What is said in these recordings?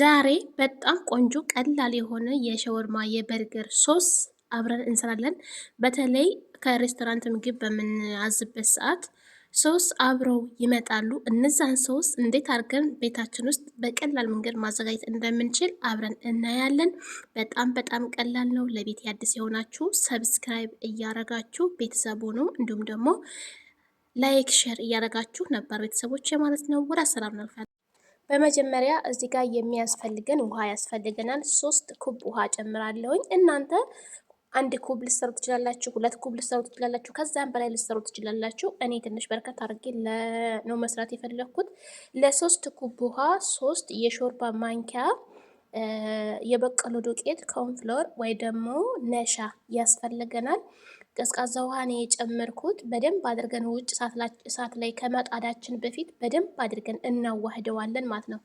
ዛሬ በጣም ቆንጆ ቀላል የሆነ የሸወርማ የበርገር ሶስ አብረን እንሰራለን። በተለይ ከሬስቶራንት ምግብ በምናዝበት ሰዓት ሶስ አብረው ይመጣሉ። እነዛን ሶስ እንዴት አድርገን ቤታችን ውስጥ በቀላል መንገድ ማዘጋጀት እንደምንችል አብረን እናያለን። በጣም በጣም ቀላል ነው። ለቤት አዲስ የሆናችሁ ሰብስክራይብ እያረጋችሁ ቤተሰብ ሆኑ እንዲሁም ደግሞ ላይክ ሼር እያረጋችሁ ነባር ቤተሰቦች ማለት ነው። ወደ አሰራር እናልፋለን። በመጀመሪያ እዚህ ጋር የሚያስፈልገን ውሃ ያስፈልገናል። ሶስት ኩብ ውሃ ጨምራለሁኝ። እናንተ አንድ ኩብ ልሰሩ ትችላላችሁ፣ ሁለት ኩብ ልሰሩ ትችላላችሁ፣ ከዛም በላይ ልሰሩ ትችላላችሁ። እኔ ትንሽ በርከት አድርጌ ነው መስራት የፈለግኩት። ለሶስት ኩብ ውሃ ሶስት የሾርባ ማንኪያ የበቀሉ ዱቄት ኮንፍሎር ወይ ደግሞ ነሻ ያስፈልገናል። ቀዝቃዛ ውሃን የጨመርኩት በደንብ አድርገን ውጭ እሳት ላይ ከመጣዳችን በፊት በደንብ አድርገን እናዋህደዋለን ማለት ነው።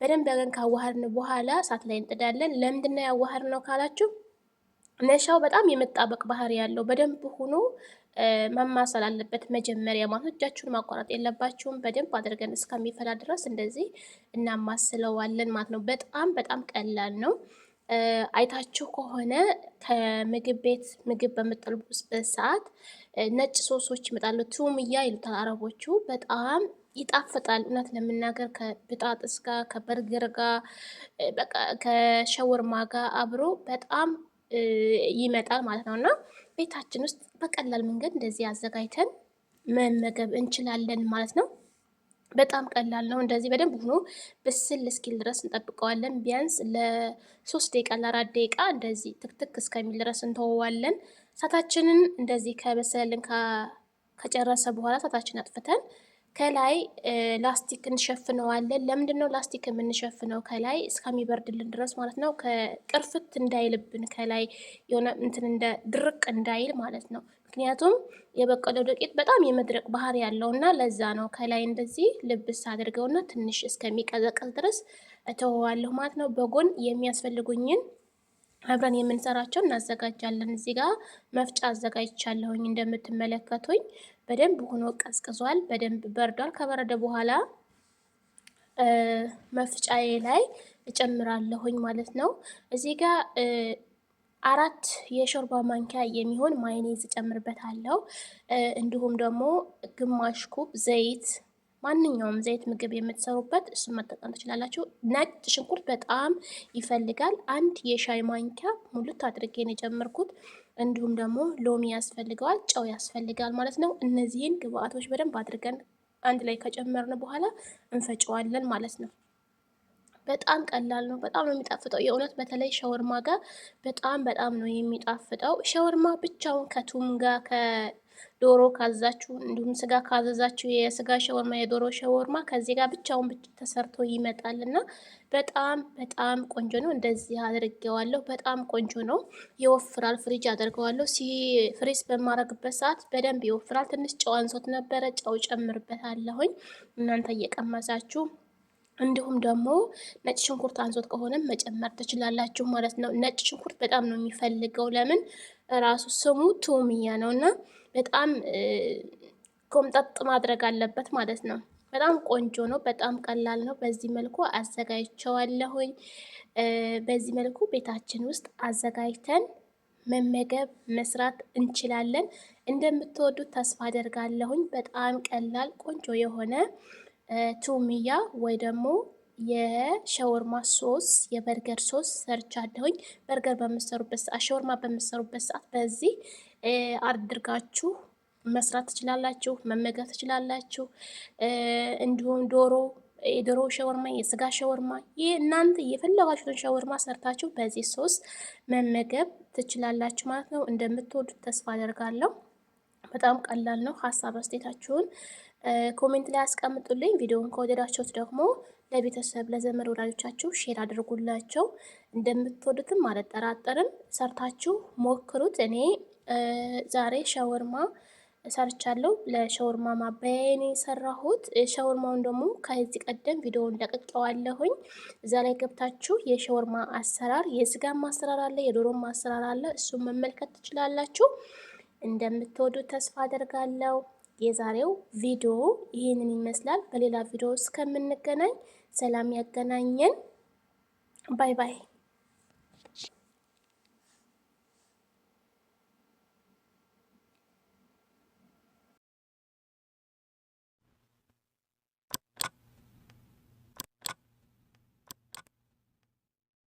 በደንብ አድርገን ካዋህርን በኋላ እሳት ላይ እንጥዳለን። ለምንድን ያዋህር ነው ካላችሁ ነሻው በጣም የመጣበቅ ባህሪ ያለው በደንብ ሆኖ መማሰል አለበት መጀመሪያ ማለት እጃችሁን ማቋረጥ የለባችሁም። በደንብ አድርገን እስከሚፈላ ድረስ እንደዚህ እናማስለዋለን ማለት ነው። በጣም በጣም ቀላል ነው። አይታችሁ ከሆነ ከምግብ ቤት ምግብ በምጠልቡበት ሰዓት ነጭ ሶሶች ይመጣሉ። ቱምያ ይሉታል አረቦቹ። በጣም ይጣፍጣል። እውነት ለምናገር ከብጣጥስ ጋር፣ ከበርገር ጋር፣ በቃ ከሸወርማ ጋር አብሮ በጣም ይመጣል ማለት ነው እና ቤታችን ውስጥ በቀላል መንገድ እንደዚህ አዘጋጅተን መመገብ እንችላለን ማለት ነው። በጣም ቀላል ነው። እንደዚህ በደንብ ሆኖ ብስል እስኪል ድረስ እንጠብቀዋለን። ቢያንስ ለሶስት ደቂቃ ለአራት ደቂቃ እንደዚህ ትክትክ እስከሚል ድረስ እንተወዋለን። እሳታችንን እንደዚህ ከበሰልን ከጨረሰ በኋላ እሳታችንን አጥፍተን ከላይ ላስቲክ እንሸፍነዋለን። ለምንድን ነው ላስቲክ የምንሸፍነው? ከላይ እስከሚበርድልን ድረስ ማለት ነው። ከቅርፍት እንዳይልብን ከላይ የሆነ እንትን እንደ ድርቅ እንዳይል ማለት ነው። ምክንያቱም የበቀለው ዱቄት በጣም የመድረቅ ባህሪ ያለው እና ለዛ ነው ከላይ እንደዚህ ልብስ አድርገውና ትንሽ እስከሚቀዘቀዝ ድረስ እተወዋለሁ ማለት ነው። በጎን የሚያስፈልጉኝን አብረን የምንሰራቸው እናዘጋጃለን። እዚህ ጋር መፍጫ አዘጋጅቻለሁኝ እንደምትመለከቱኝ በደንብ ሆኖ ቀዝቅዟል። በደንብ በርዷል። ከበረደ በኋላ መፍጫዬ ላይ እጨምራለሁኝ ማለት ነው። እዚህ ጋር አራት የሾርባ ማንኪያ የሚሆን ማይኔዝ እጨምርበታለሁ። እንዲሁም ደግሞ ግማሽ ኩብ ዘይት ማንኛውም ዘይት ምግብ የምትሰሩበት እሱን መጠቀም ትችላላችሁ። ነጭ ሽንኩርት በጣም ይፈልጋል። አንድ የሻይ ማንኪያ ሙሉት አድርጌን ነው የጨመርኩት። እንዲሁም ደግሞ ሎሚ ያስፈልገዋል፣ ጨው ያስፈልጋል ማለት ነው። እነዚህን ግብአቶች በደንብ አድርገን አንድ ላይ ከጨመርን በኋላ እንፈጨዋለን ማለት ነው። በጣም ቀላል ነው። በጣም ነው የሚጣፍጠው የእውነት በተለይ ሸወርማ ጋር በጣም በጣም ነው የሚጣፍጠው። ሸወርማ ብቻውን ከቱም ጋር ከ ዶሮ ካዛችሁ እንዲሁም ስጋ ካዘዛችሁ የስጋ ሸወርማ፣ የዶሮ ሸወርማ ከዚህ ጋር ብቻውን ተሰርቶ ይመጣል እና በጣም በጣም ቆንጆ ነው። እንደዚህ አድርጌዋለሁ። በጣም ቆንጆ ነው። ይወፍራል። ፍሪጅ አድርገዋለሁ። ፍሪዝ በማረግበት ሰዓት በደንብ ይወፍራል። ትንሽ ጨው አንሶት ነበረ። ጨው ጨምርበታለሁኝ እናንተ እየቀመሳችሁ እንዲሁም ደግሞ ነጭ ሽንኩርት አንሶት ከሆነም መጨመር ትችላላችሁ ማለት ነው። ነጭ ሽንኩርት በጣም ነው የሚፈልገው። ለምን ራሱ ስሙ ቱሚያ ነው እና በጣም ኮምጠጥ ማድረግ አለበት ማለት ነው። በጣም ቆንጆ ነው። በጣም ቀላል ነው። በዚህ መልኩ አዘጋጅቸዋለሁኝ። በዚህ መልኩ ቤታችን ውስጥ አዘጋጅተን መመገብ መስራት እንችላለን። እንደምትወዱት ተስፋ አደርጋለሁኝ። በጣም ቀላል ቆንጆ የሆነ ቱሚያ ወይ ደግሞ የሸወርማ ሶስ የበርገር ሶስ ሰርቻለሁኝ። በርገር በምሰሩበት ሰዓት፣ ሸወርማ በምሰሩበት ሰዓት በዚህ አድርጋችሁ መስራት ትችላላችሁ፣ መመገብ ትችላላችሁ። እንዲሁም ዶሮ የዶሮ ሸወርማ፣ የስጋ ሸወርማ እናንተ የፈለጋችሁትን ሸወርማ ሰርታችሁ በዚህ ሶስ መመገብ ትችላላችሁ ማለት ነው። እንደምትወዱት ተስፋ አደርጋለሁ። በጣም ቀላል ነው። ሀሳብ አስተያየታችሁን ኮሜንት ላይ አስቀምጡልኝ ቪዲዮውን ከወደዳችሁት ደግሞ ለቤተሰብ ለዘመድ ወዳጆቻችሁ ሼር አድርጉላቸው። እንደምትወዱትም አልጠራጠርም። ሰርታችሁ ሞክሩት። እኔ ዛሬ ሸወርማ ሰርቻለሁ። ለሸወርማ ማበያየን የሰራሁት ሸወርማውን ደግሞ ከዚህ ቀደም ቪዲዮውን ለቅቄዋለሁኝ። እዛ ላይ ገብታችሁ የሸወርማ አሰራር የስጋም አሰራር አለ፣ የዶሮም አሰራር አለ። እሱም መመልከት ትችላላችሁ። እንደምትወዱት ተስፋ አደርጋለሁ። የዛሬው ቪዲዮ ይህንን ይመስላል። በሌላ ቪዲዮ እስከምንገናኝ ሰላም ያገናኘን። ባይ ባይ።